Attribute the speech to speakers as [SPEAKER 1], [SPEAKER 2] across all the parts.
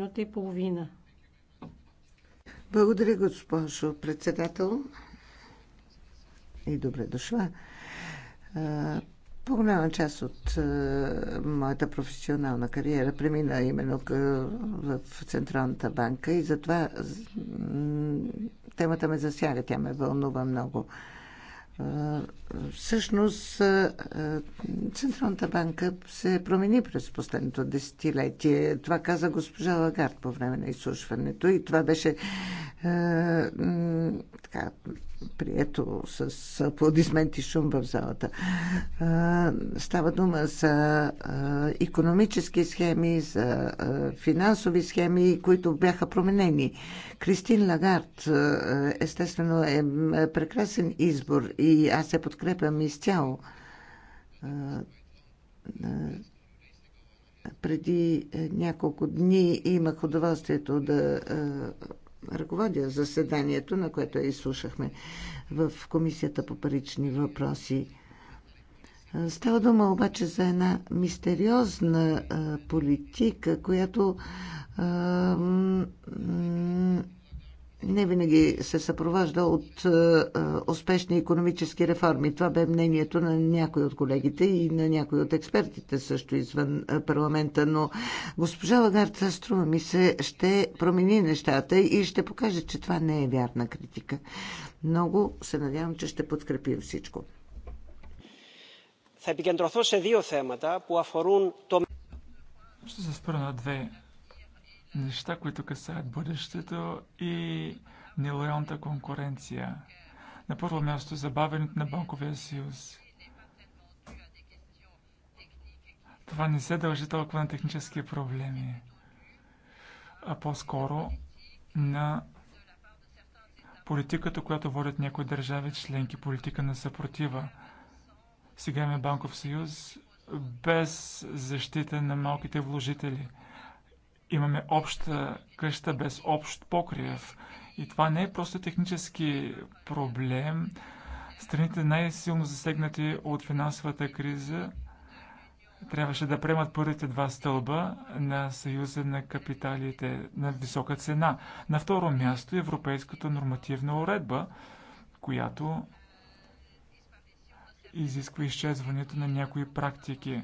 [SPEAKER 1] минута и половина.
[SPEAKER 2] Благодаря, госпожо председател. И добре дошла. По-голяма част от моята професионална кариера премина именно в Централната банка и затова темата ме засяга, тя ме вълнува много. Всъщност Централната банка се промени през последното десетилетие. Това каза госпожа Лагард по време на изслушването и това беше е, така, прието с аплодисменти шум в залата. Става дума за економически схеми, за финансови схеми, които бяха променени. Кристин Лагард, естествено, е, е прекрасен избор и аз се подкрепям изцяло. Преди няколко дни имах удоволствието да ръководя заседанието, на което я изслушахме в Комисията по парични въпроси. Става дума обаче за една мистериозна политика, която не винаги се съпроважда от е, е, успешни економически реформи. Това бе мнението на някои от колегите и на някои от експертите също извън е, парламента, но госпожа Лагард, струва ми се, ще промени нещата и ще покаже, че това не е вярна критика. Много се надявам, че ще подкрепим всичко.
[SPEAKER 3] Ще се спра на две неща, които касаят бъдещето и нелоялната конкуренция. На първо място забавянето на банковия съюз. Това не се дължи толкова на технически проблеми, а по-скоро на политиката, която водят някои държави членки, политика на съпротива. Сега имаме банков съюз без защита на малките вложители – Имаме обща къща без общ покрив. И това не е просто технически проблем. Страните най-силно засегнати от финансовата криза трябваше да приемат първите два стълба на Съюза на капиталите на висока цена. На второ място е европейската нормативна уредба, която изисква изчезването на някои практики,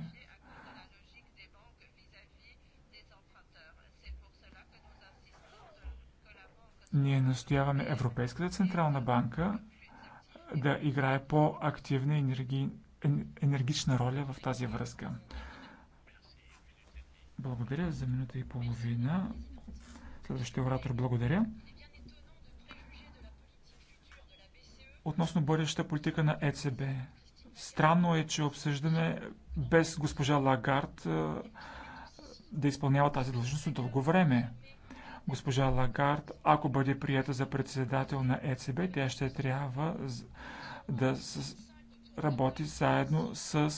[SPEAKER 3] Ние настояваме Европейската централна банка да играе по-активна и енерги... енергична роля в тази връзка. Благодаря за минута и половина. Следващия оратор благодаря. Относно бъдещата политика на ЕЦБ. Странно е, че обсъждаме без госпожа Лагард да изпълнява тази длъжност от дълго време. Госпожа Лагард, ако бъде прията за председател на ЕЦБ, тя ще трябва да работи заедно с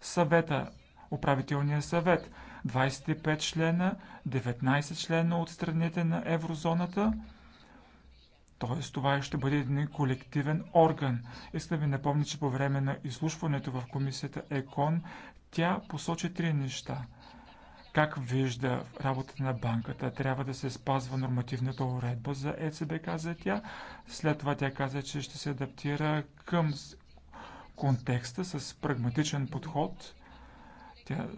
[SPEAKER 3] съвета, управителния съвет. 25 члена, 19 члена от страните на еврозоната. Т.е. това ще бъде един колективен орган. Искам да ви напомня, че по време на изслушването в комисията ЕКОН тя посочи три неща как вижда работата на банката. Трябва да се спазва нормативната уредба за ЕЦБ, каза тя. След това тя каза, че ще се адаптира към контекста с прагматичен подход. Тя...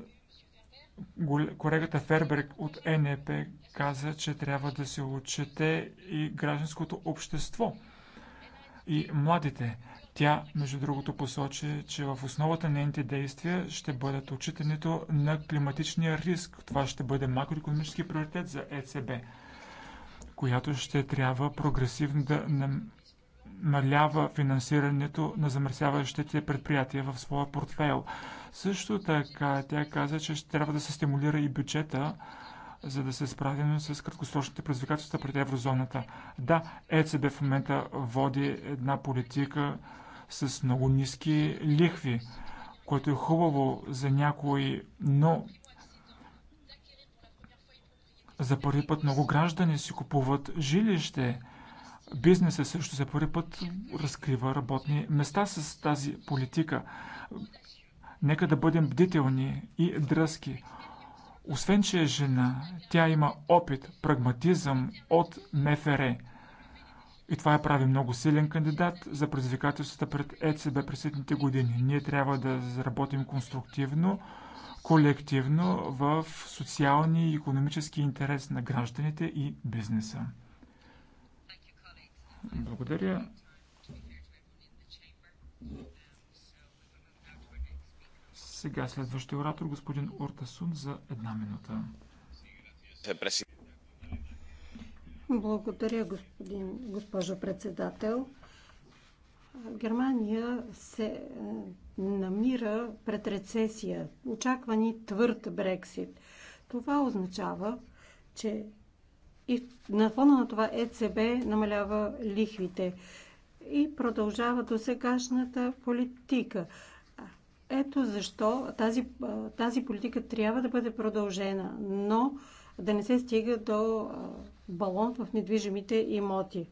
[SPEAKER 3] Колегата Ферберг от НЕП каза, че трябва да се отчете и гражданското общество и младите. Тя, между другото, посочи, че в основата на нейните действия ще бъдат отчитането на климатичния риск. Това ще бъде макроекономически приоритет за ЕЦБ, която ще трябва прогресивно да намалява финансирането на замърсяващите предприятия в своя портфейл. Също така тя каза, че ще трябва да се стимулира и бюджета, за да се справим с краткосрочните предизвикателства пред еврозоната. Да, ЕЦБ в момента води една политика, с много ниски лихви, което е хубаво за някои, но за първи път много граждани си купуват жилище. бизнеса, също за първи път разкрива работни места с тази политика. Нека да бъдем бдителни и дръзки. Освен, че е жена, тя има опит, прагматизъм от МФР. И това я прави много силен кандидат за предизвикателствата пред ЕЦБ през следните години. Ние трябва да заработим конструктивно, колективно в социални и економически интерес на гражданите и бизнеса. Благодаря. Сега следващия оратор, господин Ортасун, за една минута.
[SPEAKER 1] Благодаря, господин, госпожо председател. Германия се е, намира пред рецесия. Очаква ни твърд Брексит. Това означава, че и на фона на това ЕЦБ намалява лихвите и продължава до сегашната политика. Ето защо тази, е, тази политика трябва да бъде продължена, но да не се стига до е, балон в недвижимите имоти.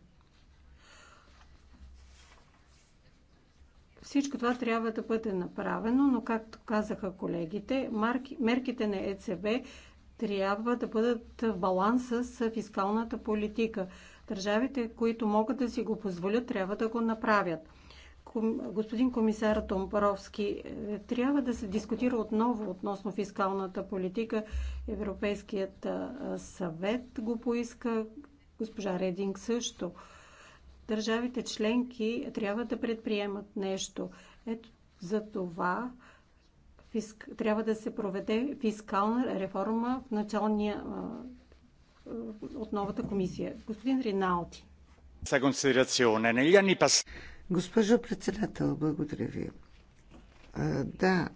[SPEAKER 1] Всичко това трябва да бъде направено, но както казаха колегите, марки, мерките на ЕЦБ трябва да бъдат в баланс с фискалната политика. Държавите, които могат да си го позволят, трябва да го направят господин комисар Томпаровски, е, трябва да се дискутира отново относно фискалната политика. Европейският съвет го поиска, госпожа Рединг също. Държавите членки трябва да предприемат нещо. Ето за това фиск... трябва да се проведе фискална реформа в началния от новата комисия. Господин Риналти.
[SPEAKER 4] Negli anni passati
[SPEAKER 2] Госпожо председател, благодаря ви. А, да.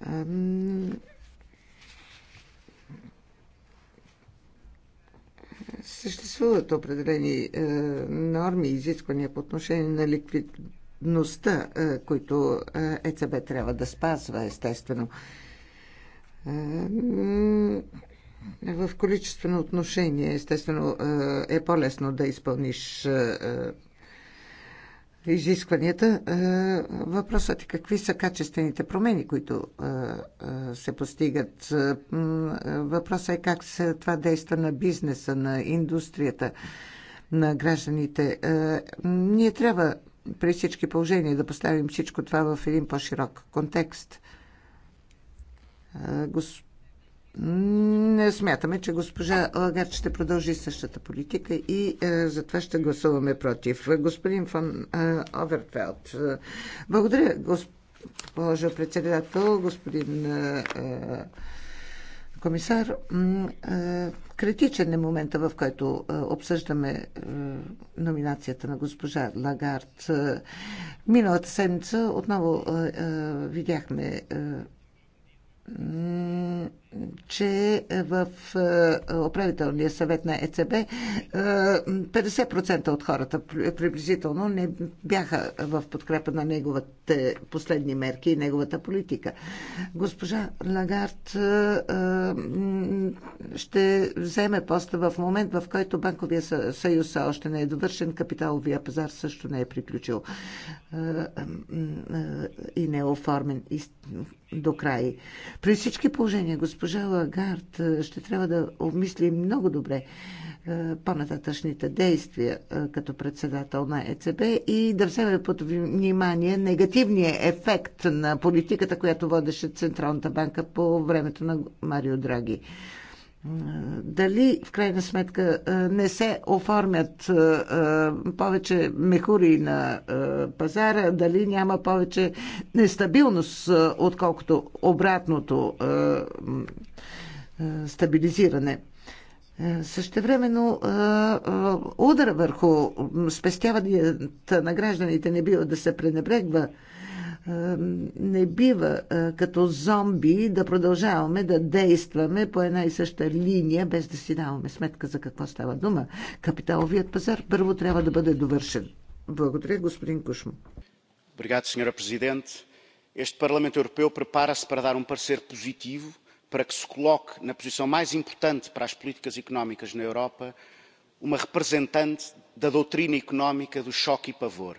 [SPEAKER 2] Ам... Съществуват определени е, норми и изисквания по отношение на ликвидността, е, които ЕЦБ трябва да спазва, естествено. Е, в количествено отношение, естествено, е, е по-лесно да изпълниш е, е, изискванията. Въпросът е какви са качествените промени, които се постигат. Въпросът е как се това действа на бизнеса, на индустрията, на гражданите. Ние трябва при всички положения да поставим всичко това в един по-широк контекст. Господин не смятаме, че госпожа Лагард ще продължи същата политика и е, затова ще гласуваме против. Господин фон е, Оверфелд, е, благодаря, госпожа председател, господин е, е комисар. Е, критичен е момента, в който е, обсъждаме е, номинацията на госпожа Лагард. Е, миналата седмица отново е, е, видяхме. Е, че в е, управителния съвет на ЕЦБ 50% е, от хората приблизително не бяха в подкрепа на неговите последни мерки и неговата политика. Госпожа Лагард е, ще вземе поста в момент, в който банковия съюз още не е довършен, капиталовия пазар също не е приключил и не е оформен до край. При всички положения, господин госпожа Лагард ще трябва да обмисли много добре по-нататъчните действия като председател на ЕЦБ и да вземе под внимание негативния ефект на политиката, която водеше Централната банка по времето на Марио Драги дали в крайна сметка не се оформят повече мехури на пазара, дали няма повече нестабилност, отколкото обратното стабилизиране. времено удара върху спестяванията на гражданите не бива да се пренебрегва не бива като зомби да продължаваме да действаме по една и съща линия, без да си даваме сметка за какво става дума. Капиталовият пазар първо трябва да бъде довършен. Благодаря, господин Кушмо.
[SPEAKER 4] Obrigado, Sr. Presidente. Este Parlamento Europeu prepara-se para dar um parecer positivo para que se coloque na posição mais importante para as políticas económicas na Europa uma representante da doutrina económica do choque e pavor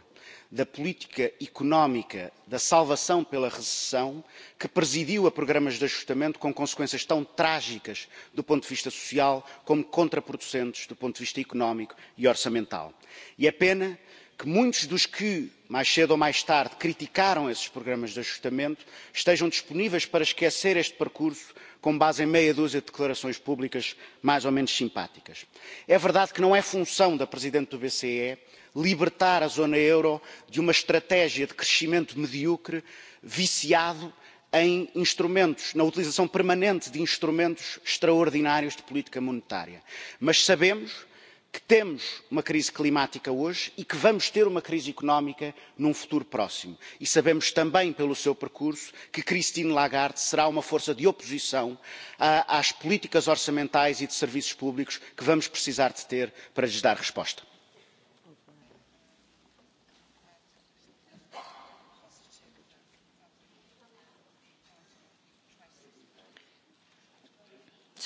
[SPEAKER 4] da política económica da salvação pela recessão que presidiu a programas de ajustamento com consequências tão trágicas do ponto de vista social como contraproducentes do ponto de vista económico e orçamental. e é pena que muitos dos que mais cedo ou mais tarde criticaram esses programas de ajustamento estejam disponíveis para esquecer este percurso com base em meia dúzia de declarações públicas mais ou menos simpáticas. é verdade que não é função da presidente do bce libertar a zona euro de uma estratégia de crescimento medíocre viciado em instrumentos na utilização permanente de instrumentos extraordinários de política monetária. mas sabemos que temos uma crise climática hoje e que vamos ter uma crise económica num futuro próximo e sabemos também pelo seu percurso que christine lagarde será uma força de oposição às políticas orçamentais e de serviços públicos que vamos precisar de ter para lhes dar resposta.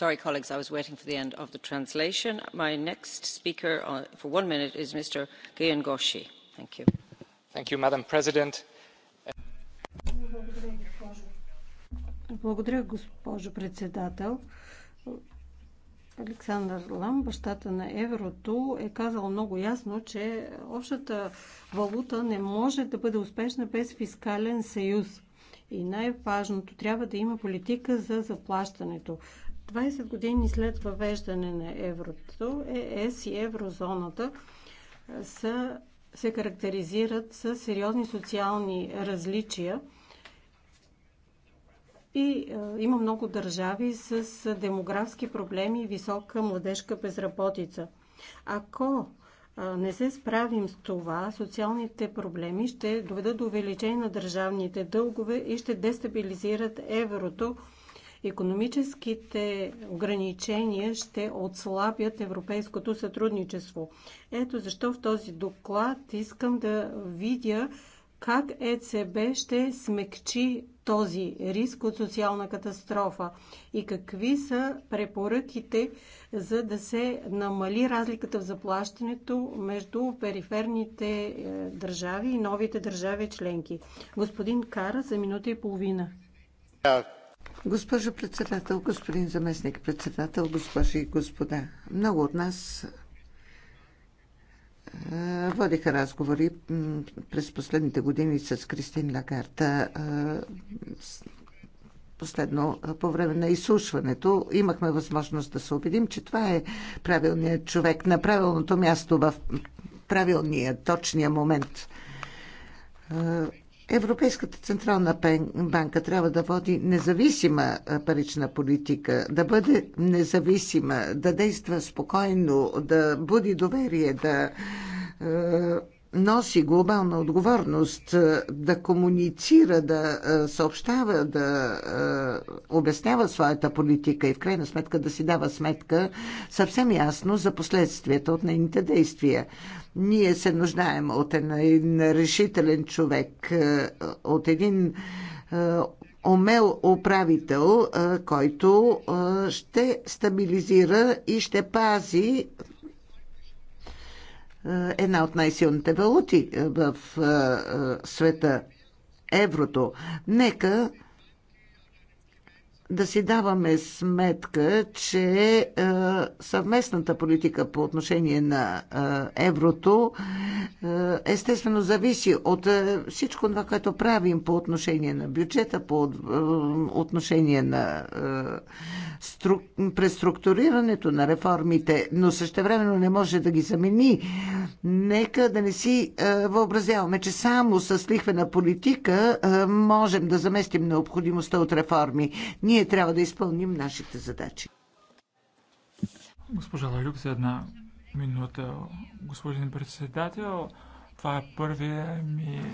[SPEAKER 1] sorry colleagues i was waiting for the end of the translation. my next speaker uh, for one minute is mr
[SPEAKER 3] Thank you. Thank you, madam president
[SPEAKER 1] благодаря госпожо председател. Александър Лам, бащата на еврото, е казал много ясно, че общата валута не може да бъде успешна без фискален съюз. И най-важното трябва да има политика за заплащането. 20 години след въвеждане на еврото, ЕС и еврозоната са, се характеризират с сериозни социални различия и е, има много държави с демографски проблеми и висока младежка безработица. Ако не се справим с това, социалните проблеми ще доведат до увеличение на държавните дългове и ще дестабилизират еврото Економическите ограничения ще отслабят европейското сътрудничество. Ето защо в този доклад искам да видя как ЕЦБ ще смекчи този риск от социална катастрофа и какви са препоръките за да се намали разликата в заплащането между периферните е, държави и новите държави членки. Господин Кара за минута и половина.
[SPEAKER 2] Е, Госпожо председател, господин заместник председател, госпожи и господа, много от нас водиха разговори през последните години с Кристин Лагарта. Последно, по време на изслушването, имахме възможност да се убедим, че това е правилният човек на правилното място в правилния, точния момент. Европейската централна банка трябва да води независима парична политика, да бъде независима, да действа спокойно, да буди доверие, да носи глобална отговорност, да комуницира, да съобщава, да обяснява своята политика и в крайна сметка да си дава сметка съвсем ясно за последствията от нейните действия. Ние се нуждаем от един решителен човек, е, от един е, умел управител, е, който ще стабилизира и ще пази една от най-силните валути в света еврото. Нека да си даваме сметка, че е, съвместната политика по отношение на е, еврото е, естествено зависи от всичко това, което правим по отношение на бюджета, по отношение на преструктурирането на реформите, но същевременно не може да ги замени. Нека да не си въобразяваме, че само с лихвена политика можем да заместим необходимостта от реформи. Ние ние трябва да изпълним нашите задачи.
[SPEAKER 3] Госпожа Лалюк, за една минута. Господин председател, това е първия ми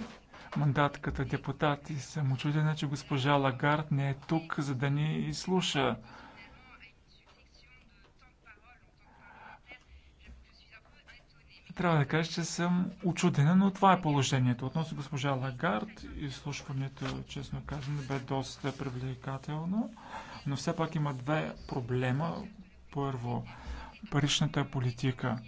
[SPEAKER 3] мандат като депутат и съм очуден, че госпожа Лагард не е тук, за да ни изслуша. Трябва да кажа, че съм очудена, но това е положението. Относно госпожа Лагард, изслушването, честно казано, бе доста привлекателно, но все пак има две проблема. Първо, паричната политика.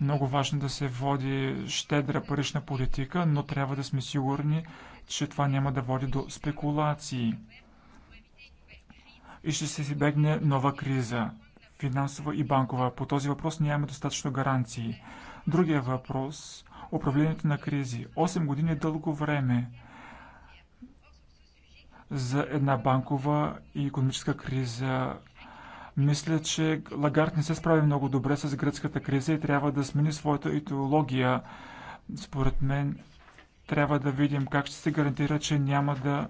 [SPEAKER 3] Много важно да се води щедра парична политика, но трябва да сме сигурни, че това няма да води до спекулации и ще се избегне нова криза финансова и банкова. По този въпрос нямаме достатъчно гаранции. Другия въпрос – управлението на кризи. 8 години е дълго време за една банкова и економическа криза. Мисля, че Лагард не се справи много добре с гръцката криза и трябва да смени своята идеология. Според мен трябва да видим как ще се гарантира, че няма да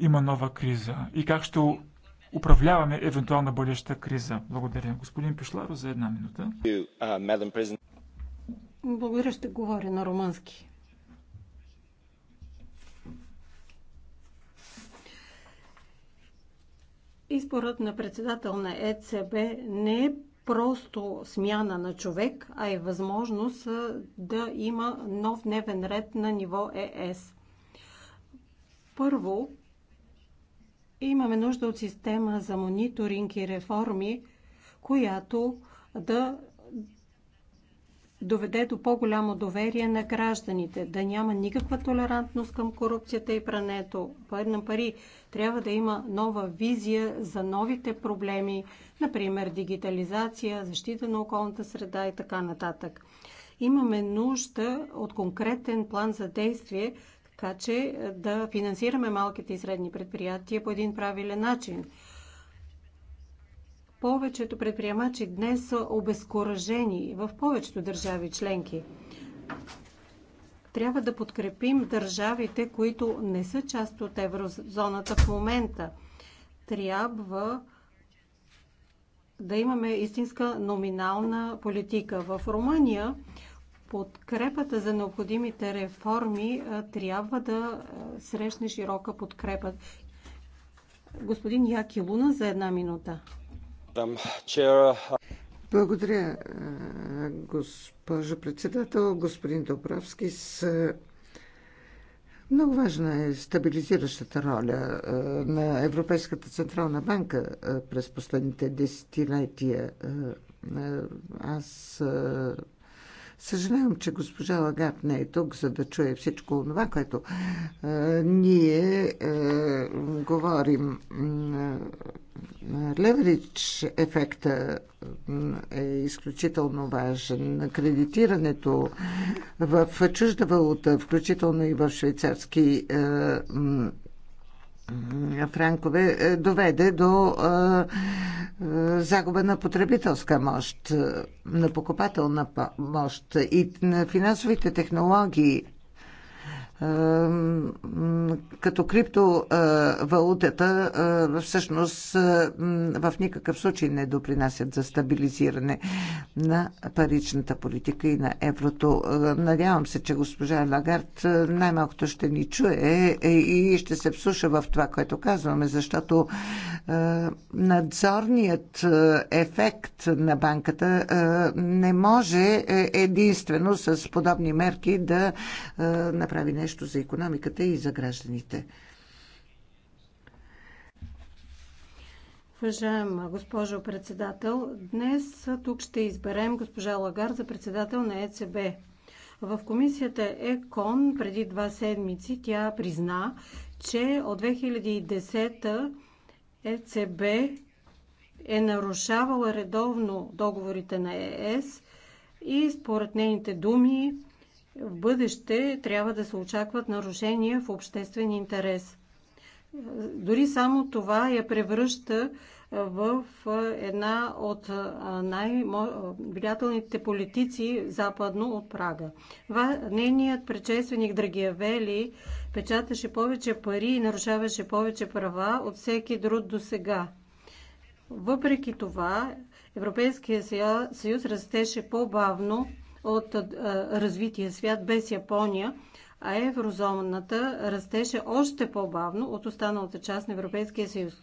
[SPEAKER 3] има нова криза и как ще управляваме евентуална бъдеща криза. Благодаря. Господин Пишларо, за една минута.
[SPEAKER 1] Благодаря, ще говоря на румънски. Изборът на председател на ЕЦБ не е просто смяна на човек, а е възможност да има нов дневен ред на ниво е ЕС. Първо, Имаме нужда от система за мониторинг и реформи, която да доведе до по-голямо доверие на гражданите, да няма никаква толерантност към корупцията и прането на пари. Трябва да има нова визия за новите проблеми, например дигитализация, защита на околната среда и така нататък. Имаме нужда от конкретен план за действие, така че е, да финансираме малките и средни предприятия по един правилен начин. Повечето предприемачи днес са обезкуражени в повечето държави членки. Трябва да подкрепим държавите, които не са част от еврозоната в момента. Трябва да имаме истинска номинална политика. В Румъния подкрепата за необходимите реформи трябва да срещне широка подкрепа. Господин Яки Луна за една минута.
[SPEAKER 2] Благодаря, госпожо председател, господин Добровски. С... Много важна е стабилизиращата роля на Европейската централна банка през последните десетилетия. Аз Съжалявам, че госпожа Лагард не е тук, за да чуе всичко това, което е, ние е, говорим. Леверидж ефекта е, е изключително важен. Кредитирането в чужда валута, включително и в швейцарски е, франкове е, доведе до е, е, загуба на потребителска мощ, на покупателна мощ и на финансовите технологии като криптовалутата всъщност в никакъв случай не допринасят за стабилизиране на паричната политика и на еврото. Надявам се, че госпожа Лагард най-малкото ще ни чуе е, е, и ще се всуша в това, което казваме, защото надзорният ефект на банката не може е, единствено с подобни мерки да направи нещо нещо за економиката и за гражданите.
[SPEAKER 1] Уважаема госпожо председател, днес тук ще изберем госпожа Лагар за председател на ЕЦБ. В комисията ЕКОН преди два седмици тя призна, че от 2010 ЕЦБ е нарушавала редовно договорите на ЕС и според нейните думи в бъдеще трябва да се очакват нарушения в обществен интерес. Дори само това я превръща в една от най-влиятелните политици западно от Прага. Нейният предшественик Драгиявели печаташе повече пари и нарушаваше повече права от всеки друг до сега. Въпреки това, Европейския съюз растеше по-бавно от развития свят без Япония, а еврозоната растеше още по-бавно от останалата част на Европейския съюз.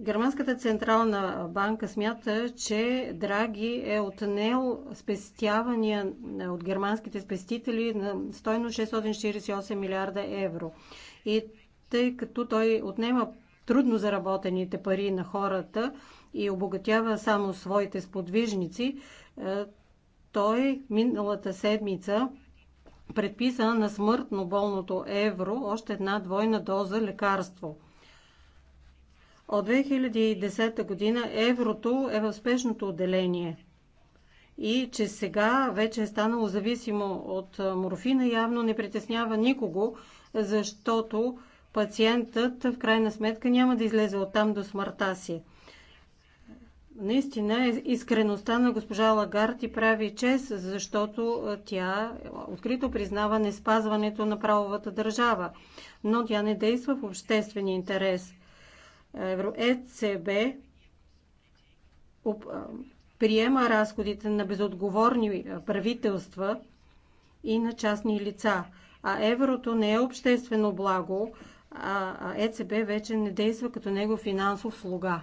[SPEAKER 1] Германската централна банка смята, че Драги е отнел спестявания от германските спестители на стойност 648 милиарда евро. И тъй като той отнема трудно заработените пари на хората и обогатява само своите сподвижници, е, той миналата седмица предписа на смъртно болното евро още една двойна доза лекарство. От 2010 година еврото е в спешното отделение и че сега вече е станало зависимо от морфина, явно не притеснява никого, защото пациентът в крайна сметка няма да излезе оттам до смъртта си. Наистина, е искреността на госпожа Лагард и прави чест, защото тя открито признава не спазването на правовата държава, но тя не действа в обществен интерес. ЕЦБ е приема разходите на безотговорни правителства и на частни лица, а еврото не е обществено благо, а ЕЦБ вече не действа като него финансов слуга.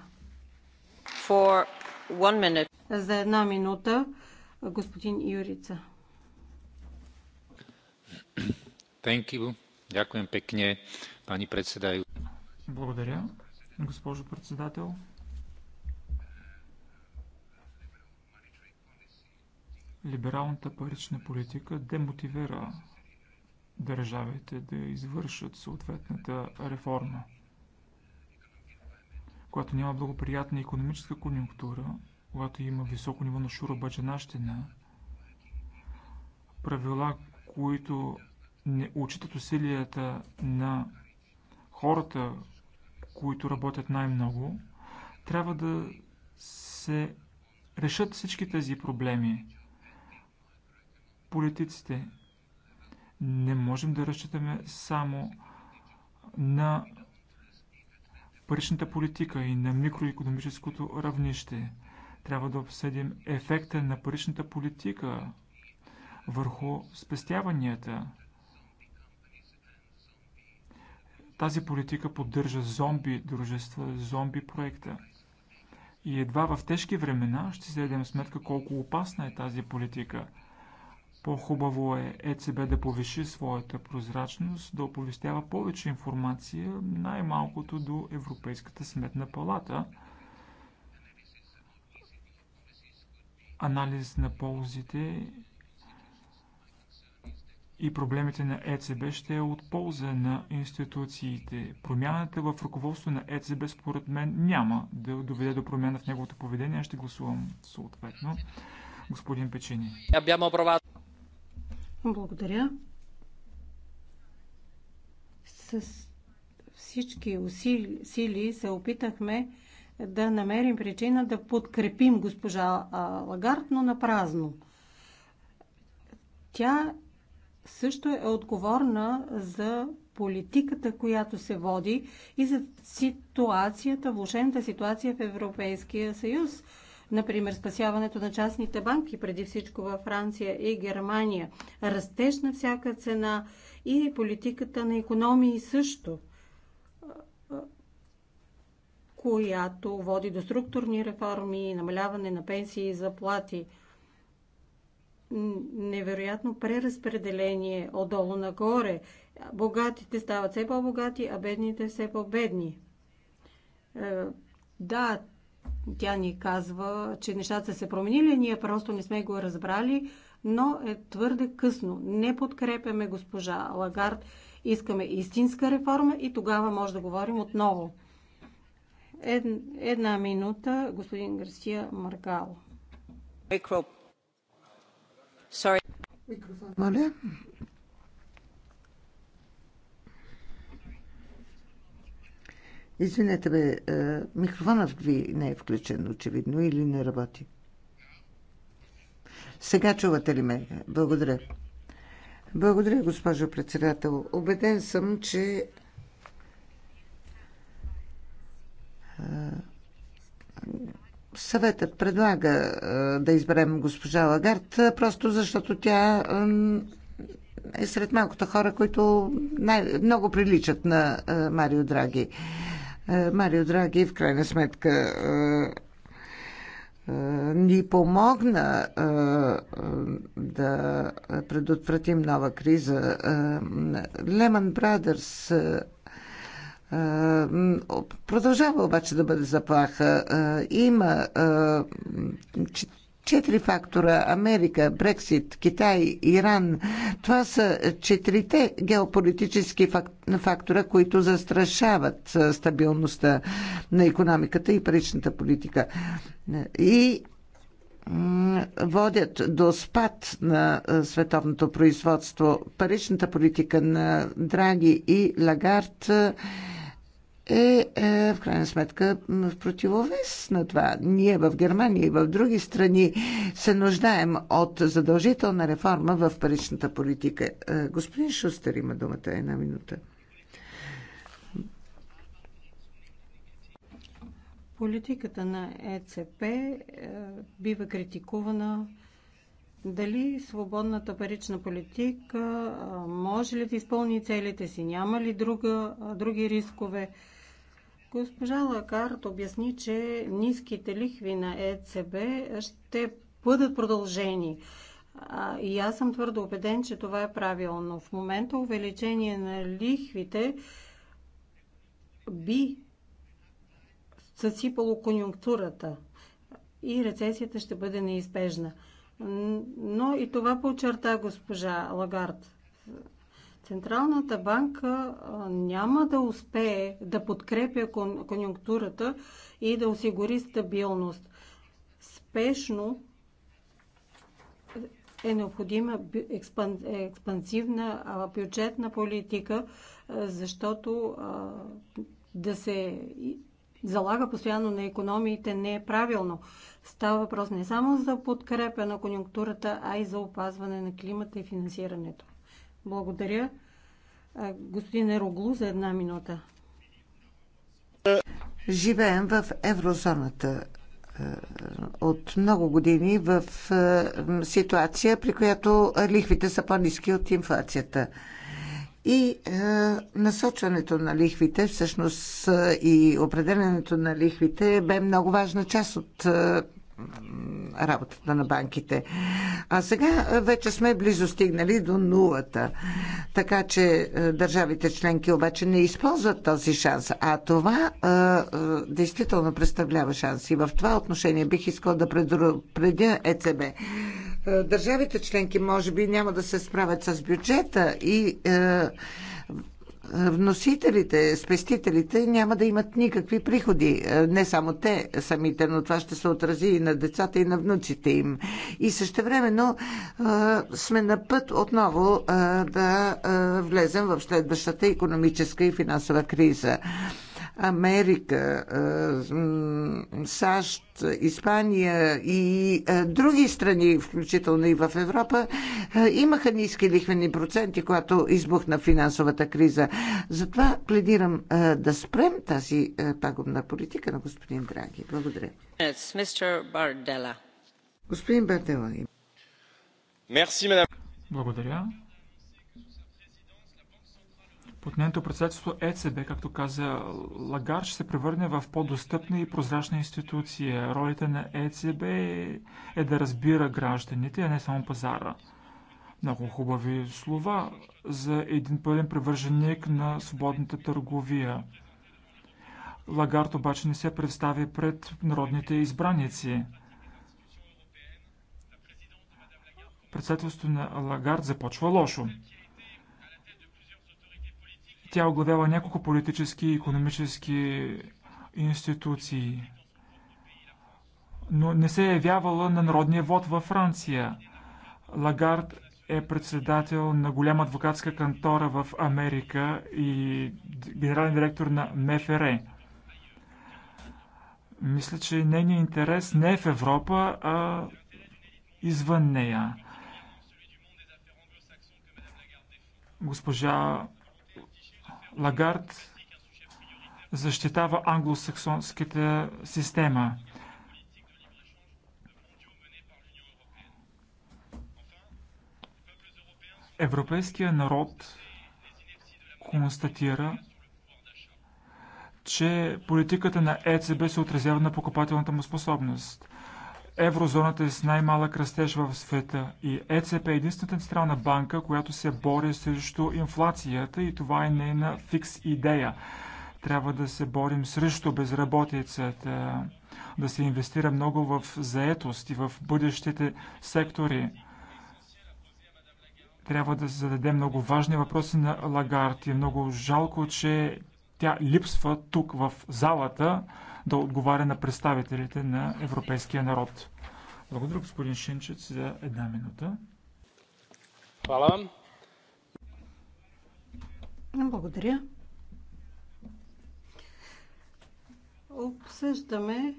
[SPEAKER 1] За една минута господин Юрица.
[SPEAKER 3] Thank you. Дякуем пекне, пани председател. Благодаря, госпожо председател. Либералната парична политика демотивира държавите да извършат съответната реформа когато няма благоприятна економическа конъюнктура, когато има високо ниво на шуробаджанащина, правила, които не учитат усилията на хората, които работят най-много, трябва да се решат всички тези проблеми. Политиците не можем да разчитаме само на паричната политика и на микроекономическото равнище. Трябва да обсъдим ефекта на паричната политика върху спестяванията. Тази политика поддържа зомби дружества, зомби проекта. И едва в тежки времена ще се дадем сметка колко опасна е тази политика – по-хубаво е ЕЦБ да повиши своята прозрачност, да оповестява повече информация, най-малкото до Европейската сметна палата. Анализ на ползите и проблемите на ЕЦБ ще е от полза на институциите. Промяната в ръководство на ЕЦБ според мен няма да доведе до промяна в неговото поведение. Ще гласувам съответно. Господин Печини.
[SPEAKER 1] Благодаря. С всички усили, сили се опитахме да намерим причина да подкрепим госпожа Лагард, но на празно. Тя също е отговорна за политиката, която се води и за ситуацията, влушената ситуация в Европейския съюз. Например, спасяването на частните банки, преди всичко във Франция и Германия, растеж на всяка цена и политиката на економии също, която води до структурни реформи, намаляване на пенсии и заплати невероятно преразпределение отдолу нагоре. Богатите стават все по-богати, а бедните все по-бедни. Е, да, тя ни казва, че нещата са се променили, ние просто не сме го разбрали, но е твърде късно. Не подкрепяме госпожа Лагард. Искаме истинска реформа и тогава може да говорим отново. Ед, една минута, господин Гарсия Маргал. Микрофон.
[SPEAKER 2] Извинете бе, е, микрофонът ви не е включен, очевидно, или не работи. Сега чувате ли ме? Благодаря. Благодаря, госпожо председател. Обеден съм, че е, съветът предлага е, да изберем госпожа Лагард, просто защото тя е сред малкото хора, които най- много приличат на Марио Драги. Е, Марио Драги в крайна сметка е, е, ни помогна да предотвратим нова криза. Леман Брадърс продължава обаче да бъде заплаха. Има четири фактора Америка, Брексит, Китай, Иран. Това са четирите геополитически фактора, които застрашават стабилността на економиката и паричната политика. И водят до спад на световното производство. Паричната политика на Драги и Лагард е, е в крайна сметка в противовес на това. Ние в Германия и в други страни се нуждаем от задължителна реформа в паричната политика. Е, господин Шустер има думата една минута.
[SPEAKER 1] Политиката на ЕЦП е, бива критикувана дали свободната парична политика може ли да изпълни целите си, няма ли друга, други рискове. Госпожа Лакарт обясни, че ниските лихви на ЕЦБ ще бъдат продължени. И аз съм твърдо убеден, че това е правилно. В момента увеличение на лихвите би съсипало конюнктурата и рецесията ще бъде неизбежна. Но и това подчерта госпожа Лагард. Централната банка няма да успее да подкрепя конюнктурата и да осигури стабилност. Спешно е необходима експансивна бюджетна политика, защото да се залага постоянно на економиите не е правилно. Става въпрос не само за подкрепа на конюнктурата, а и за опазване на климата и финансирането. Благодаря. Господин Ероглу за една минута.
[SPEAKER 2] Живеем в еврозоната от много години в ситуация, при която лихвите са по-низки от инфлацията и е, насочването на лихвите, всъщност е, и определенето на лихвите бе много важна част от е, работата на банките. А сега вече сме близо стигнали до нулата. Така че е, държавите членки обаче не използват този шанс. А това а, е, а, е, действително представлява шанс. И в това отношение бих искал да предупредя ЕЦБ. Държавите членки може би няма да се справят с бюджета и а, Вносителите, спестителите няма да имат никакви приходи. Е, не само те самите, но това ще се отрази и на децата, и на внуците им. И същевременно е, сме на път отново е, да влезем в следващата економическа и финансова криза. Америка, САЩ, Испания и други страни, включително и в Европа, имаха ниски лихвени проценти, когато избухна финансовата криза. Затова пледирам да спрем тази пагубна политика на господин Драги. Благодаря. Господин Бардела.
[SPEAKER 3] Благодаря. Под нейното председателство ЕЦБ, както каза Лагар, ще се превърне в по-достъпна и прозрачна институция. Ролята на ЕЦБ е да разбира гражданите, а не само пазара. Много хубави слова за един пълен привърженик на свободната търговия. Лагард обаче не се представи пред народните избраници. Председателството на Лагард започва лошо. Тя оглавява няколко политически и економически институции, но не се е явявала на народния вод във Франция. Лагард е председател на голяма адвокатска кантора в Америка и генерален директор на МФР. Мисля, че нейният интерес не е в Европа, а извън нея. Госпожа Лагард защитава англосаксонската система. Европейския народ констатира, че политиката на ЕЦБ се отразява на покупателната му способност. Еврозоната е с най-малък растеж в света и ЕЦП е единствената централна банка, която се бори срещу инфлацията и това е нейна фикс идея. Трябва да се борим срещу безработицата, да се инвестира много в заетост и в бъдещите сектори. Трябва да зададем много важни въпроси на Лагард и е много жалко, че тя липсва тук в залата да отговаря на представителите на европейския народ. Благодаря, господин Шинчец, за една минута.
[SPEAKER 4] Хвала
[SPEAKER 1] Благодаря. Обсъждаме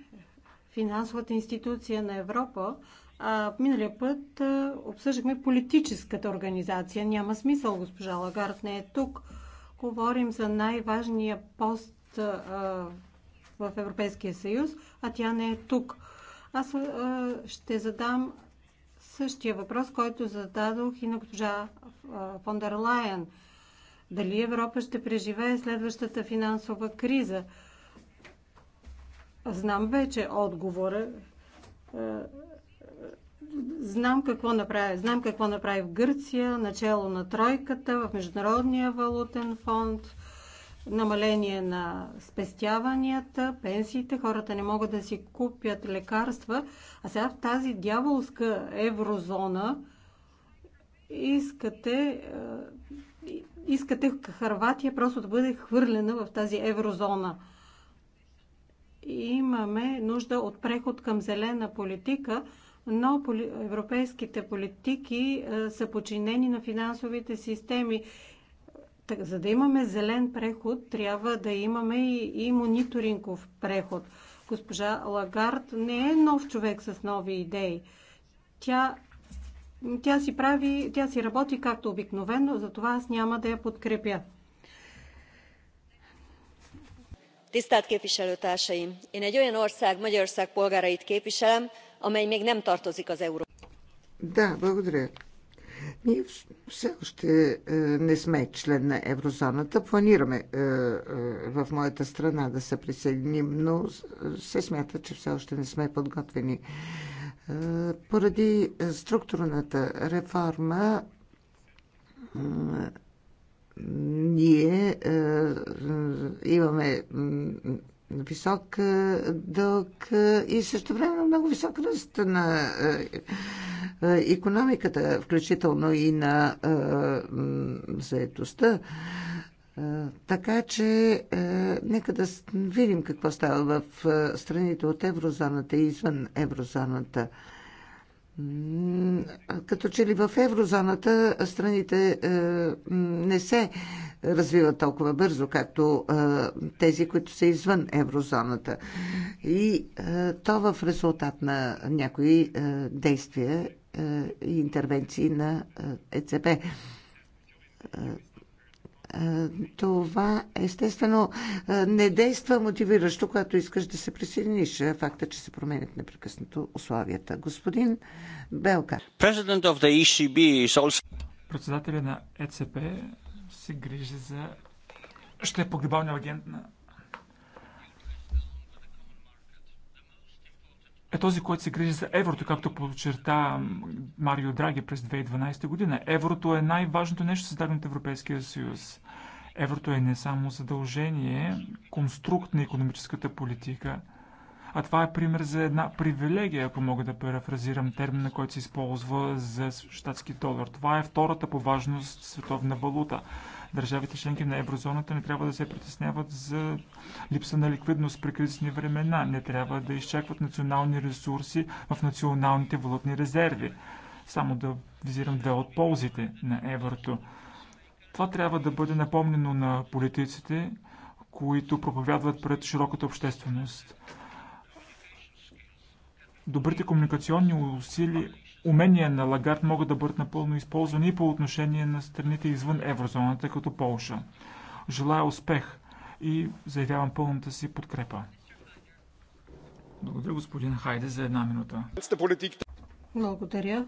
[SPEAKER 1] финансовата институция на Европа. А, миналия път а, обсъждахме политическата организация. Няма смисъл, госпожа Лагард не е тук говорим за най-важния пост а, в Европейския съюз, а тя не е тук. Аз а, ще задам същия въпрос, който зададох и на госпожа дер Лайен. Дали Европа ще преживее следващата финансова криза? Знам вече отговора. Знам какво направи. Знам какво направи в Гърция, начало на тройката, в Международния валутен фонд, намаление на спестяванията, пенсиите, хората не могат да си купят лекарства. А сега в тази дяволска еврозона искате, е, искате Харватия просто да бъде хвърлена в тази еврозона. Имаме нужда от преход към зелена политика, но европейските политики е, са подчинени на финансовите системи. За да имаме зелен преход, трябва да имаме и, и мониторингов преход. Госпожа Лагард не е нов човек с нови идеи. Тя, тя си прави, тя си работи както обикновено, затова аз няма да я подкрепя. Tisztelt képviselőtársaim! Én egy olyan ország, Magyarország polgárait képviselem, amely még nem tartozik az Euró.
[SPEAKER 2] Да, благодаря. Ние все още е, не сме член на еврозоната. Планираме е, е, в моята страна да се присъединим, но се смята, че все още не сме подготвени. Поради структурната реформа ние имаме висок дълг и също време много висок ръст на економиката, включително и на заетостта. Така че нека да видим какво става в страните от еврозоната и извън еврозоната. Като че ли в еврозоната страните не се развиват толкова бързо, както тези, които са извън еврозоната. И то в резултат на някои действия и интервенции на ЕЦБ. Това естествено не действа мотивиращо, когато искаш да се присъединиш. Факта, че се променят непрекъснато условията. Господин Белкар.
[SPEAKER 1] E
[SPEAKER 3] Председателя на ЕЦП се грижи за... ще е погребалния агент на... е този, който се грижи за еврото, както подчерта Марио Драги през 2012 година. Еврото е най-важното нещо, създадено от Европейския съюз. Еврото е не само задължение, конструкт на економическата политика, а това е пример за една привилегия, ако мога да парафразирам термина, който се използва за щатски долар. Това е втората по важност световна валута. Държавите членки на еврозоната не трябва да се притесняват за липса на ликвидност при кризисни времена. Не трябва да изчакват национални ресурси в националните валутни резерви. Само да визирам две от ползите на еврото. Това трябва да бъде напомнено на политиците, които проповядват пред широката общественост. Добрите комуникационни усилия умения на Лагард могат да бъдат напълно използвани и по отношение на страните извън еврозоната, като Полша. Желая успех и заявявам пълната си подкрепа. Благодаря, господин Хайде, за една минута.
[SPEAKER 1] Благодаря.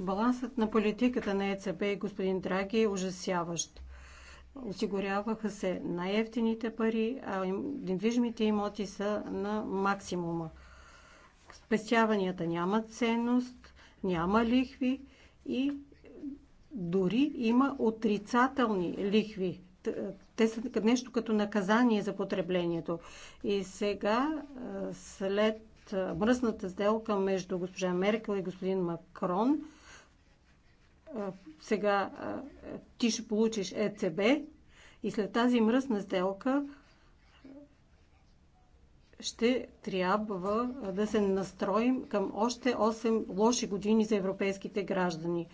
[SPEAKER 1] Балансът на политиката на ЕЦБ и господин Драги е ужасяващ. Осигуряваха се най-ефтините пари, а недвижимите имоти са на максимума спестяванията нямат ценност, няма лихви и дори има отрицателни лихви. Те са нещо като наказание за потреблението. И сега, след мръсната сделка между госпожа Меркел и господин Макрон, сега ти ще получиш ЕЦБ и след тази мръсна сделка ще трябва да се настроим към още 8 лоши години за европейските граждани.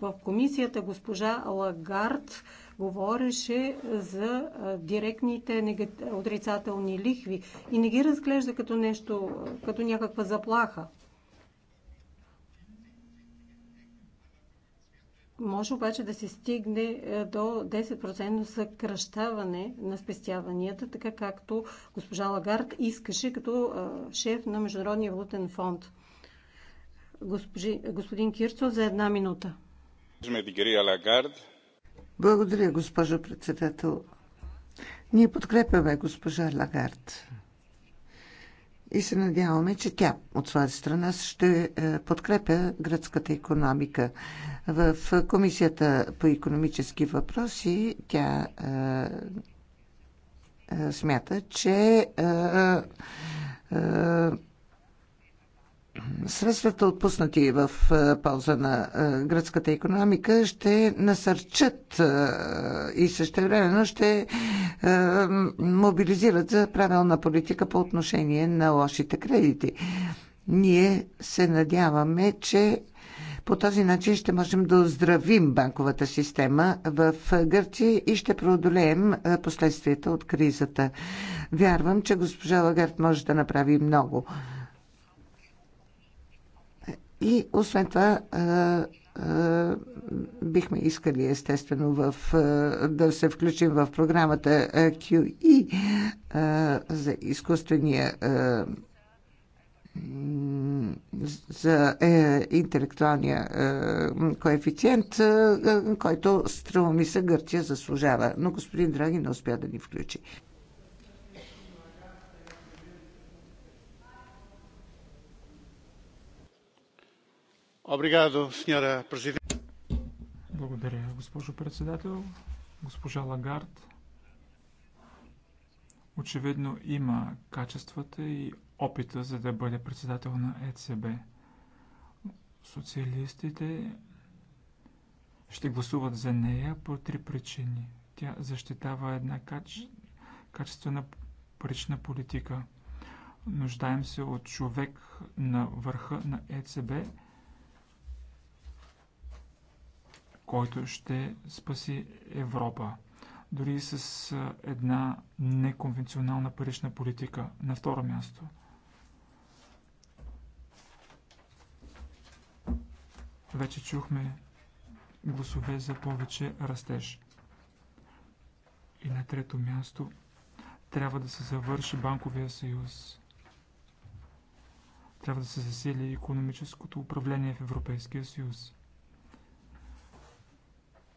[SPEAKER 1] В комисията госпожа Лагард говореше за директните отрицателни лихви и не ги разглежда като нещо, като някаква заплаха. Може обаче да се стигне е, до 10% съкръщаване на спестяванията, така както госпожа Лагард искаше като е, шеф на Международния валутен фонд. Госпожи, господин Кирцо, за една минута. Благодаря, госпожо
[SPEAKER 2] председател.
[SPEAKER 1] Ние подкрепяме госпожа Лагард
[SPEAKER 2] и се надяваме, че тя от своя страна ще е, подкрепя гръцката економика. В Комисията по економически въпроси тя е, е, смята, че средствата отпуснати в е, полза на е, гръцката економика ще насърчат е, и същевременно ще мобилизират за правилна политика по отношение на лошите кредити. Ние се надяваме, че по този начин ще можем да оздравим банковата система в Гърция и ще преодолеем последствията от кризата. Вярвам, че госпожа Лагард може да направи много и освен това, бихме искали естествено в, да се включим в програмата QE за изкуствения за е, интелектуалния е, коефициент, е, който струва ми се Гърция заслужава. Но господин Драги не успя да ни включи.
[SPEAKER 3] Благодаря, госпожо председател. Госпожа Лагард, очевидно има качествата и опита за да бъде председател на ЕЦБ. Социалистите ще гласуват за нея по три причини. Тя защитава една кач... качествена парична политика. Нуждаем се от човек на върха на ЕЦБ – който ще спаси Европа. Дори и с една неконвенционална парична политика на второ място. Вече чухме гласове за повече растеж. И на трето място трябва да се завърши банковия съюз. Трябва да се засили економическото управление в Европейския съюз.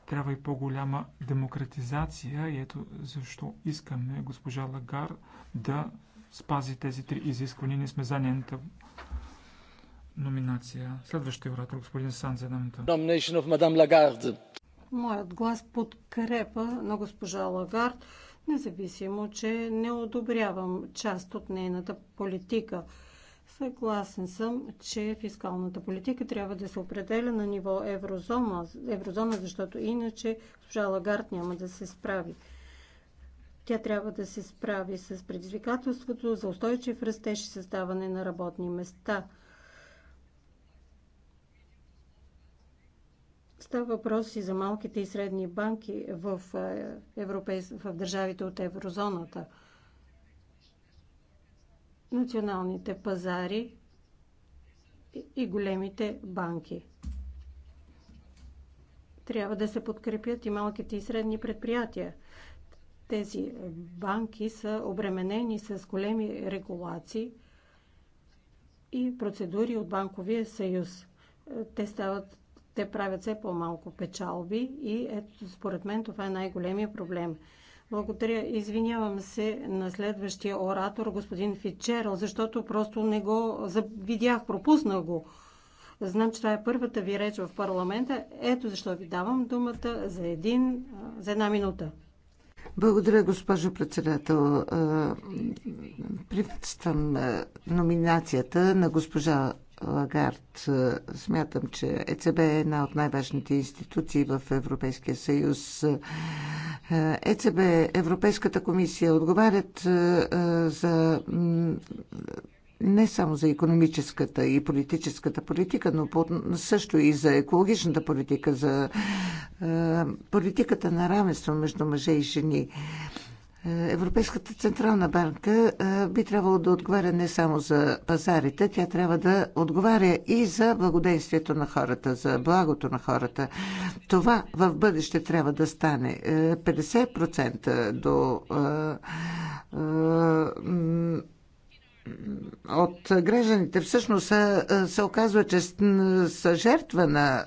[SPEAKER 3] Трябва и по-голяма демократизация и ето защо искаме госпожа Лагар да спази тези три изисквания. Ние сме за нейната номинация. Следващия оратор, господин Сан, за една минута.
[SPEAKER 1] Моят глас подкрепа на госпожа Лагард, независимо, че не одобрявам част от нейната политика – Съгласен съм, че фискалната политика трябва да се определя на ниво еврозона, еврозона защото иначе госпожа Лагард няма да се справи. Тя трябва да се справи с предизвикателството за устойчив растеж и създаване на работни места. Става въпрос и за малките и средни банки в, е, европейс... в държавите от еврозоната – националните пазари и големите банки. Трябва да се подкрепят и малките и средни предприятия. Тези банки са обременени с големи регулации и процедури от Банковия съюз. Те стават те правят все по-малко печалби и ето, според мен това е най-големия проблем. Благодаря. Извинявам се на следващия оратор, господин Фичерл, защото просто не го видях, пропуснах го. Знам, че това е първата ви реч в парламента. Ето защо ви давам думата за, един, за една минута.
[SPEAKER 2] Благодаря, госпожо председател. Приветствам номинацията на госпожа Лагард. Смятам, че ЕЦБ е една от най-важните институции в Европейския съюз. ЕЦБ, Европейската комисия отговарят е, за не само за економическата и политическата политика, но също и за екологичната политика, за е, политиката на равенство между мъже и жени. Европейската централна банка е, би трябвало да отговаря не само за пазарите, тя трябва да отговаря и за благодействието на хората, за благото на хората. Това в бъдеще трябва да стане 50% е, до е, от гражданите всъщност са, се оказва, че са жертва на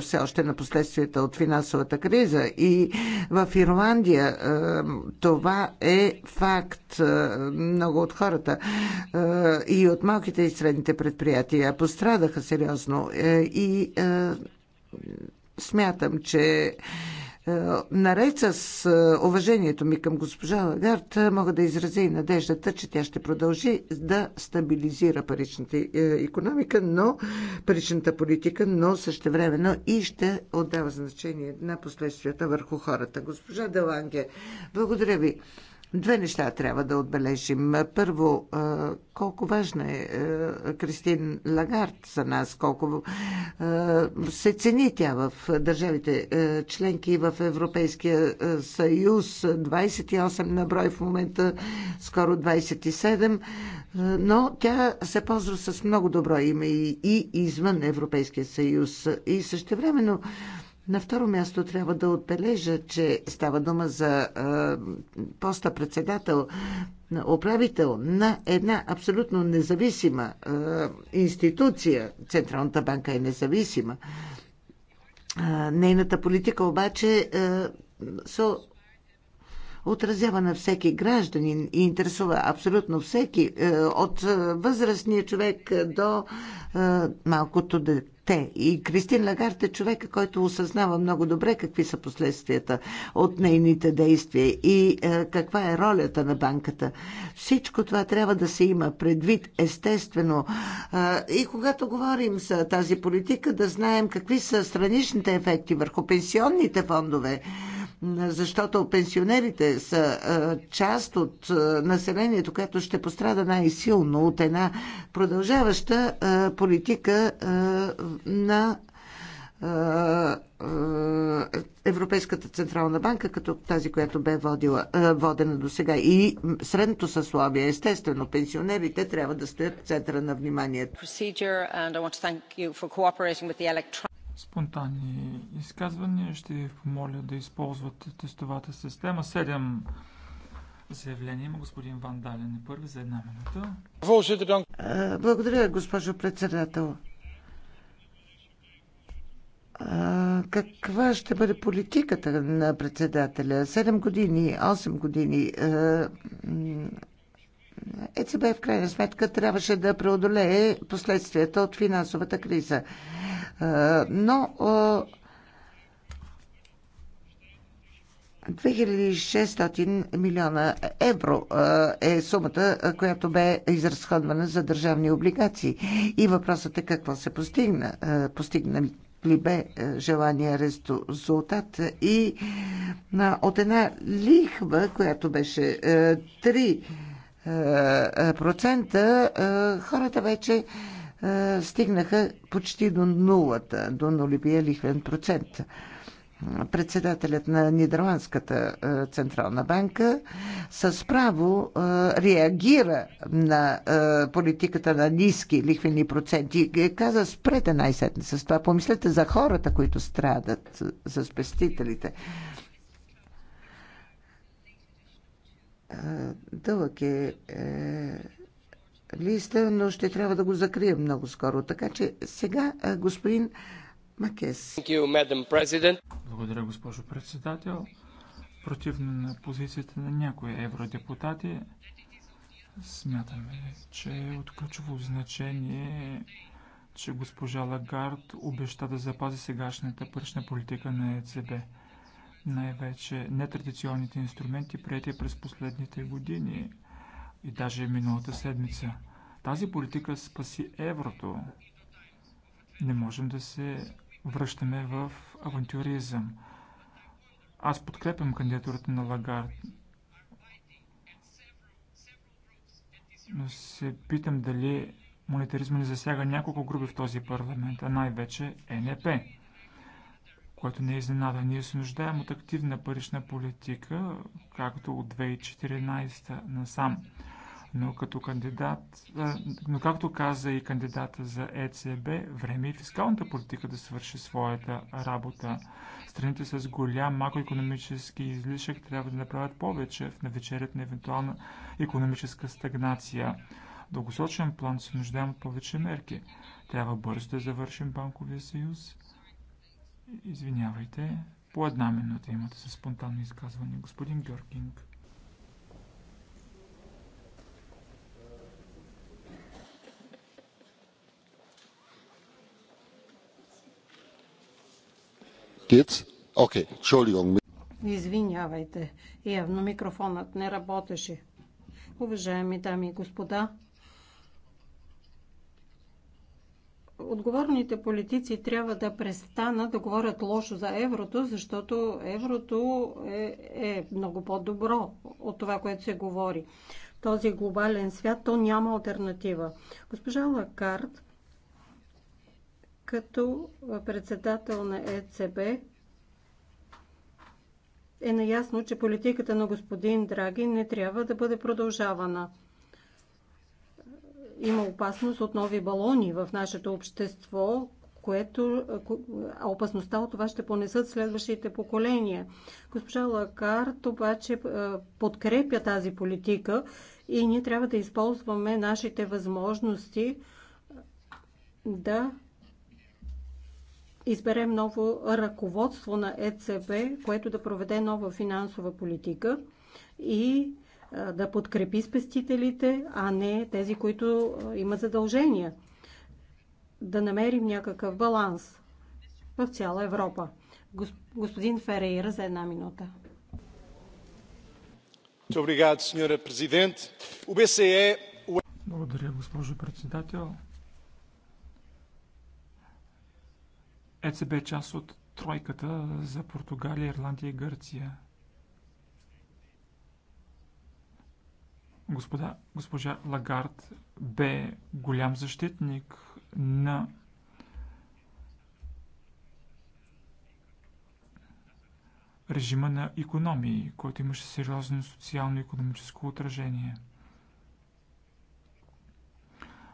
[SPEAKER 2] все още на последствията от финансовата криза. И в Ирландия това е факт. Много от хората и от малките и средните предприятия пострадаха сериозно. Е, и смятам, че е, наред с е, уважението ми към госпожа Лагард, е, мога да изразя и надеждата, че тя ще продължи да стабилизира паричната економика, но паричната политика, но същевременно и ще отдава значение на последствията върху хората. Госпожа Деланге, благодаря ви. Две неща трябва да отбележим. Първо, колко важна е Кристин Лагард за нас, колко се цени тя в държавите членки в Европейския съюз. 28 на брой в момента, скоро 27, но тя се ползва с много добро име и извън Европейския съюз. И също времено на второ място трябва да отбележа, че става дума за а, поста председател, управител на една абсолютно независима а, институция. Централната банка е независима. А, нейната политика обаче а, се отразява на всеки гражданин и интересува абсолютно всеки, от възрастния човек до малкото дете те. И Кристин Лагард е човека, който осъзнава много добре какви са последствията от нейните действия и е, каква е ролята на банката. Всичко това трябва да се има предвид, естествено. Е, и когато говорим за тази политика, да знаем какви са страничните ефекти върху пенсионните фондове защото пенсионерите са част от населението, което ще пострада най-силно от една продължаваща политика на Европейската централна банка, като тази, която бе водила, водена до сега. И средното съсловие, естествено, пенсионерите трябва да стоят в центъра на вниманието
[SPEAKER 3] спонтанни изказвания. Ще ви помоля да използвате тестовата система. Седем заявления има господин Ван Дален. Е първи за една минута.
[SPEAKER 2] Благодаря, госпожо председател. А, каква ще бъде политиката на председателя? 7 години, 8 години. А, ЕЦБ в крайна сметка трябваше да преодолее последствията от финансовата криза. Но 2600 милиона евро е сумата, която бе изразходвана за държавни облигации. И въпросът е какво се постигна. Постигна ли бе желания резултат и от една лихва, която беше процента, хората вече стигнаха почти до нулата, до нулевия лихвен процент. Председателят на Нидерландската централна банка с право реагира на политиката на ниски лихвени проценти. Каза, спрете най-сетне с това. Помислете за хората, които страдат, за спестителите. дълъг е, е листа, но ще трябва да го закрием много скоро. Така че сега е, господин Макес.
[SPEAKER 3] Благодаря, госпожо председател. Против на позицията на някои евродепутати, смятаме, че е от ключово значение че госпожа Лагард обеща да запази сегашната парична политика на ЕЦБ най-вече нетрадиционните инструменти, прияти през последните години и даже миналата седмица. Тази политика спаси еврото. Не можем да се връщаме в авантюризъм. Аз подкрепям кандидатурата на Лагард. Но се питам дали монетаризма не засяга няколко групи в този парламент, а най-вече ЕНП което не е изненада. Ние се нуждаем от активна парична политика, както от 2014 насам. Но, като кандидат, но както каза и кандидата за ЕЦБ, време и е фискалната политика да свърши своята работа. Страните с голям макроекономически излишък трябва да направят повече в навечерят на евентуална економическа стагнация. Дългосочен дългосрочен план се нуждаем от повече мерки. Трябва бързо да завършим банковия съюз Извинявайте, по една минута имате за спонтанно изказване. Господин Георгинг.
[SPEAKER 2] Окей,
[SPEAKER 1] Извинявайте, явно микрофонът не работеше. Уважаеми дами и господа, отговорните политици трябва да престанат да говорят лошо за еврото, защото еврото е, е много по-добро от това, което се говори. Този глобален свят, то няма альтернатива. Госпожа Лакард, като председател на ЕЦБ, е наясно, че политиката на господин Драги не трябва да бъде продължавана – има опасност от нови балони в нашето общество, което опасността от това ще понесат следващите поколения. Госпожа Лакарт обаче е, подкрепя тази политика и ние трябва да използваме нашите възможности е, да изберем ново ръководство на ЕЦБ, което да проведе нова финансова политика и да подкрепи спестителите, а не тези, които имат задължения. Да намерим някакъв баланс в цяла Европа. Господин Ферейра за една минута.
[SPEAKER 4] E,
[SPEAKER 3] Благодаря, госпожо председател. ЕЦБ е част от тройката за Португалия, Ирландия и Гърция. Господа, госпожа Лагард бе голям защитник на режима на економии, който имаше сериозно социално-економическо отражение.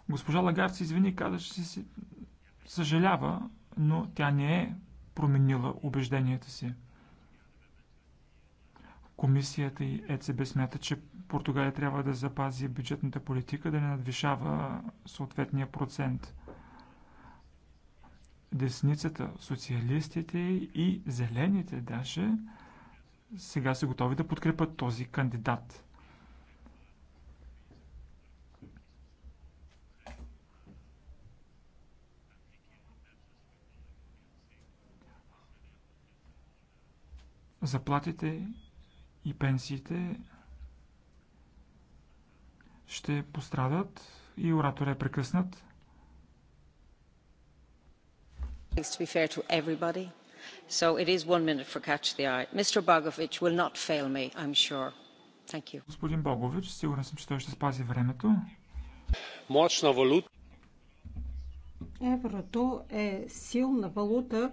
[SPEAKER 3] Госпожа Лагард се извини и каза, че се съжалява, но тя не е променила убежденията си. Комисията и ЕЦБ смятат, че Португалия трябва да запази бюджетната политика, да не надвишава съответния процент. Десницата, социалистите и зелените даже сега са готови да подкрепят този кандидат. Заплатите и пенсиите ще пострадат и оратора е прекъснат.
[SPEAKER 1] to be fair to everybody. So it is one minute for catch the eye. Mr. Bogovic will not fail me, I'm sure. Thank you.
[SPEAKER 3] Господин Богович, сигурен съм, че той ще спази времето. Мощна валута.
[SPEAKER 1] Еврото е силна валута,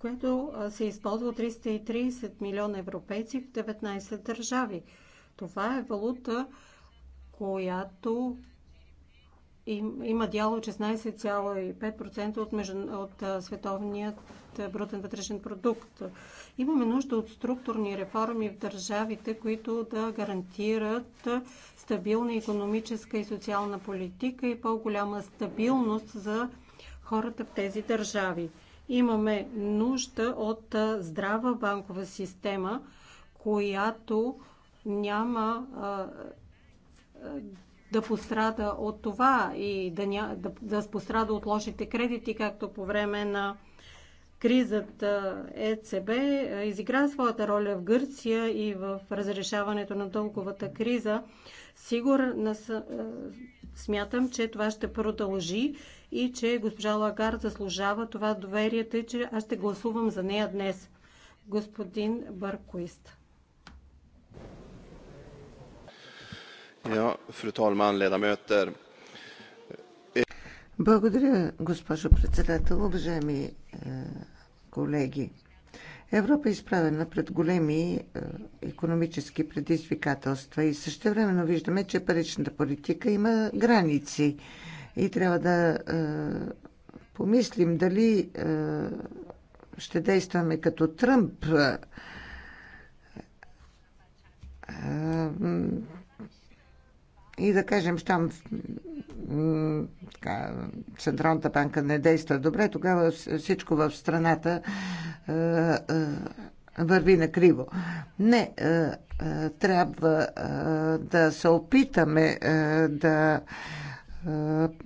[SPEAKER 1] което се използва от 330 милиона европейци в 19 държави. Това е валута, която има дял от 16,5% от, между... от световният брутен вътрешен продукт. Имаме нужда от структурни реформи в държавите, които да гарантират стабилна економическа и социална политика и по-голяма стабилност за хората в тези държави. Имаме нужда от здрава банкова система, която няма да пострада от това и да, ня, да, да пострада от лошите кредити, както по време на кризата ЕЦБ изигра своята роля в Гърция и в разрешаването на дълговата криза. Сигурно смятам, че това ще продължи и че госпожа Лагар заслужава това доверие, тъй че аз ще гласувам за нея днес. Господин Бъркуист. Fru talman, ledamöter.
[SPEAKER 2] Благодаря, госпожо председател, уважаеми е, колеги. Европа е изправена пред големи е, економически предизвикателства и същевременно виждаме, че паричната политика има граници. И трябва да е, помислим дали е, ще действаме като Тръмп. Е, и да кажем, че там Централната банка не действа добре, тогава всичко в страната върви на криво. Не, трябва да се опитаме да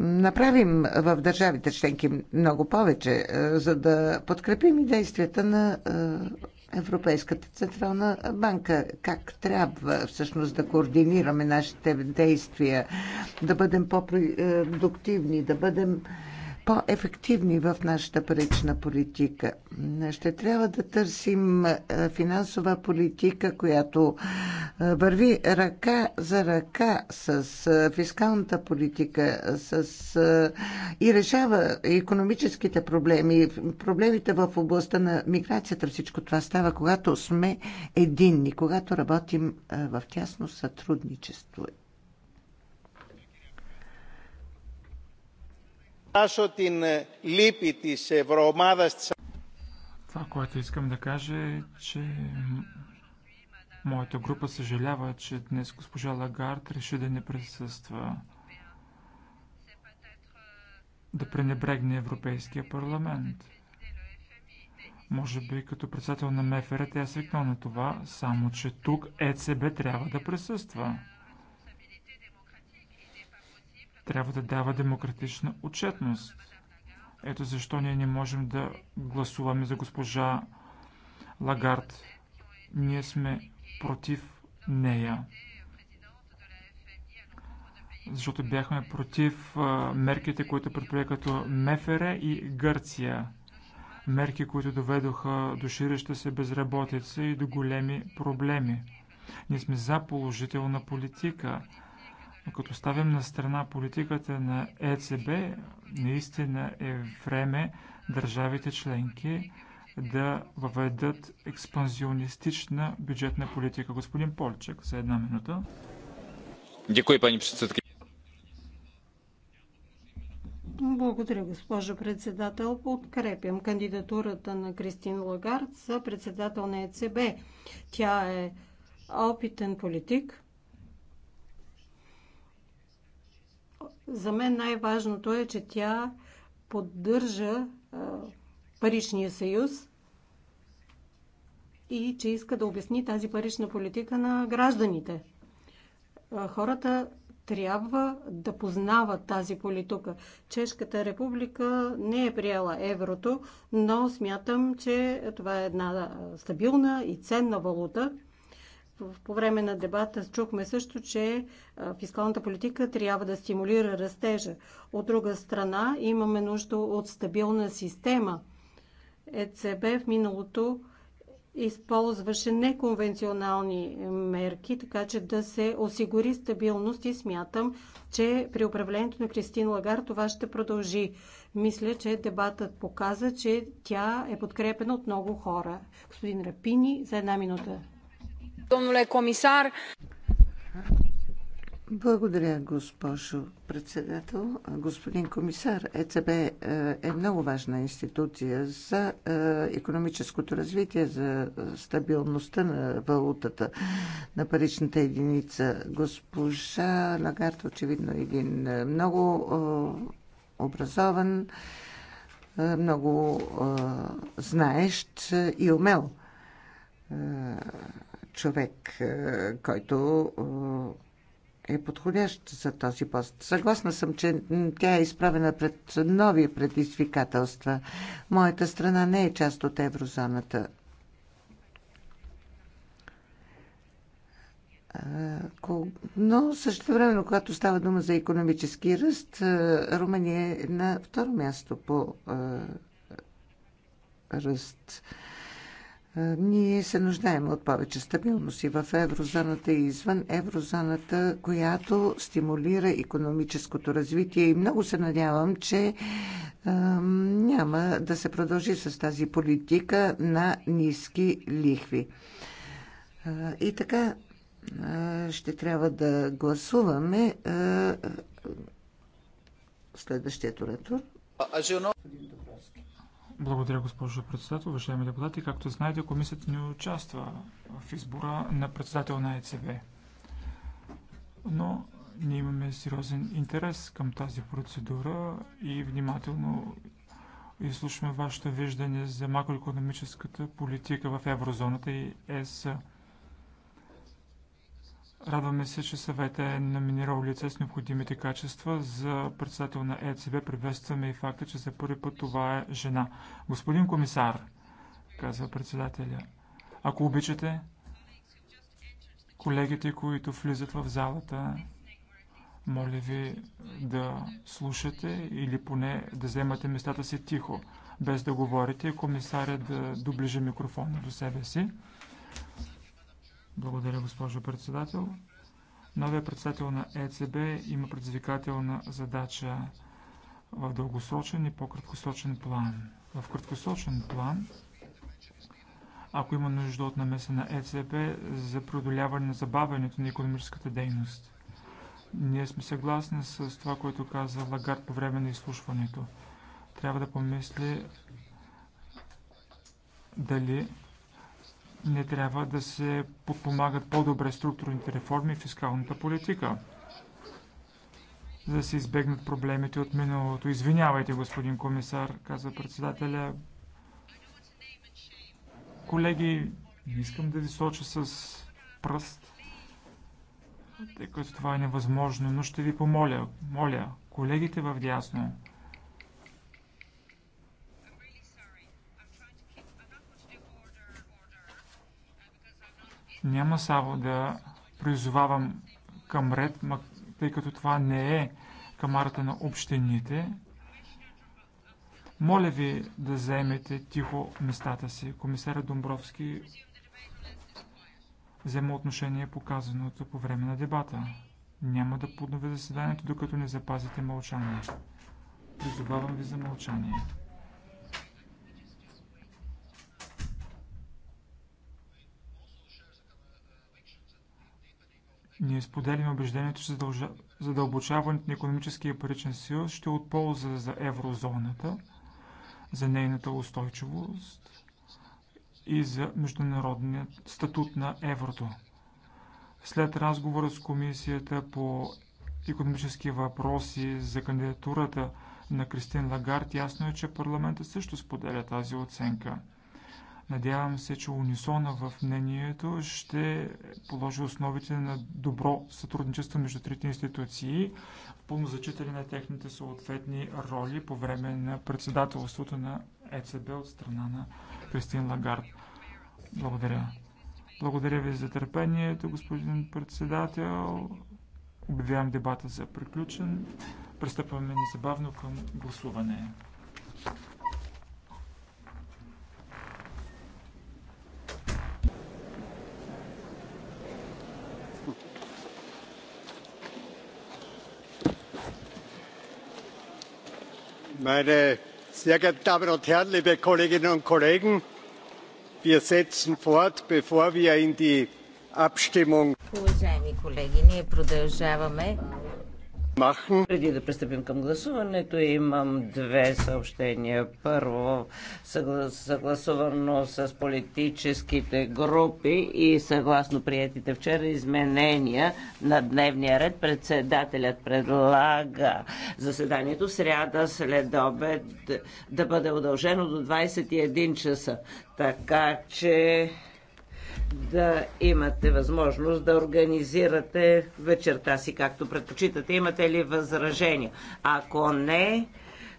[SPEAKER 2] направим в държавите членки много повече, е, за да подкрепим и действията на е, Европейската централна банка. Как трябва всъщност да координираме нашите действия, да бъдем по-продуктивни, да бъдем по-ефективни в нашата парична политика. Ще трябва да търсим е, финансова политика, която е, върви ръка за ръка с е, фискалната политика с, и решава економическите проблеми, проблемите в областта на миграцията. Всичко това става, когато сме единни, когато работим в тясно сътрудничество
[SPEAKER 3] Това, което искам да кажа е, че моята група съжалява, че днес госпожа Лагард реши да не присъства, да пренебрегне Европейския парламент. Може би като председател на МФР тя е свикнал на това, само че тук ЕЦБ трябва да присъства трябва да дава демократична отчетност. Ето защо ние не можем да гласуваме за госпожа Лагард. Ние сме против нея. Защото бяхме против мерките, които предприе като Мефере и Гърция. Мерки, които доведоха до ширеща се безработица и до големи проблеми. Ние сме за положителна политика като ставим на страна политиката на ЕЦБ, наистина е време държавите членки да въведат експанзионистична бюджетна политика. Господин Полчек, за една минута. Дякую, пани председател.
[SPEAKER 1] Благодаря, госпожо председател. Подкрепям кандидатурата на Кристин Лагард за председател на ЕЦБ. Тя е опитен политик, За мен най-важното е, че тя поддържа паричния съюз и че иска да обясни тази парична политика на гражданите. Хората трябва да познават тази политика. Чешката република не е приела еврото, но смятам, че това е една стабилна и ценна валута, по време на дебата чухме също, че фискалната политика трябва да стимулира растежа. От друга страна, имаме нужда от стабилна система. ЕЦБ в миналото използваше неконвенционални мерки, така че да се осигури стабилност и смятам, че при управлението на Кристин Лагар това ще продължи. Мисля, че дебатът показа, че тя е подкрепена от много хора. Господин Рапини, за една минута. Domnule
[SPEAKER 2] Благодаря, госпожо председател. Господин комисар, ЕЦБ е, е много важна институция за е, економическото развитие, за стабилността на валутата, на паричната единица. Госпожа Лагард, очевидно, е един много образован, много знаещ и умел човек, е, който е, е подходящ за този пост. Съгласна съм, че тя е изправена пред нови предизвикателства. Моята страна не е част от еврозоната. Е, но също време, когато става дума за економически ръст, Румъния е на второ място по ръст. Е, ние се нуждаем от повече стабилност и в еврозоната и извън еврозоната, която стимулира економическото развитие и много се надявам, че няма да се продължи с тази политика на ниски лихви. Е, и така е, ще трябва да гласуваме е, следващия туретур.
[SPEAKER 4] Господин
[SPEAKER 3] благодаря, госпожо председател. Уважаеми депутати, както знаете, комисията не участва в избора на председател на ЕЦБ. Но ние имаме сериозен интерес към тази процедура и внимателно изслушваме вашето виждане за макроекономическата политика в еврозоната и ЕС. Радваме се, че съвета е номинирал лице с необходимите качества за председател на ЕЦБ. Приветстваме и факта, че за първи път това е жена. Господин комисар, казва председателя, ако обичате, колегите, които влизат в залата, моля ви да слушате или поне да вземате местата си тихо, без да говорите, комисарят да доближи микрофона до себе си. Благодаря, госпожо председател. Новия председател на ЕЦБ има предизвикателна задача в дългосрочен и по-краткосрочен план. В краткосрочен план, ако има нужда от намеса на ЕЦБ за преодоляване на забавянето на економическата дейност. Ние сме съгласни с това, което каза Лагард по време на изслушването. Трябва да помисли дали не трябва да се подпомагат по-добре структурните реформи и фискалната политика, за да се избегнат проблемите от миналото. Извинявайте, господин комисар, каза председателя. Колеги, не искам да ви соча с пръст, тъй като това е невъзможно, но ще ви помоля, моля, колегите в дясно, Няма само да призовавам към ред, тъй като това не е камарата на общините. Моля ви да заемете тихо местата си. Комисаря Домбровски взема отношение по казаното по време на дебата. Няма да поднове заседанието, докато не запазите мълчание. Призовавам ви за мълчание. Ние споделяме убеждението, че задълбочаването на економическия паричен съюз ще е от полза за еврозоната, за нейната устойчивост и за международния статут на еврото. След разговора с комисията по економически въпроси за кандидатурата на Кристин Лагард, ясно е, че парламентът също споделя тази оценка – Надявам се, че унисона в мнението ще положи основите на добро сътрудничество между трите институции, пълно зачитане на техните съответни роли по време на председателството на ЕЦБ от страна на Кристин Лагард. Благодаря. Благодаря ви за търпението, господин председател. Обявявам дебата за приключен. Пристъпваме незабавно към гласуване.
[SPEAKER 4] meine sehr geehrten damen und herren liebe kolleginnen und kollegen! wir setzen fort bevor wir in die abstimmung Махн. Преди да
[SPEAKER 2] пристъпим към гласуването, имам две съобщения. Първо, съгласувано с политическите групи и съгласно приятите вчера изменения на дневния ред, председателят предлага заседанието сряда след обед да бъде удължено до 21 часа. Така че да имате възможност да организирате вечерта си, както предпочитате. Имате ли възражения? Ако не,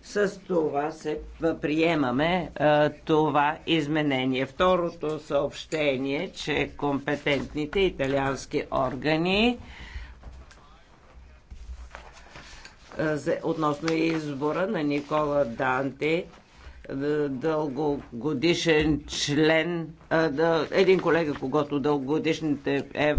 [SPEAKER 2] с това се приемаме а, това изменение. Второто съобщение, че компетентните италиански органи а, за, относно избора на Никола Данте е, дългогодишен член, е, един колега, когато дългогодишните евро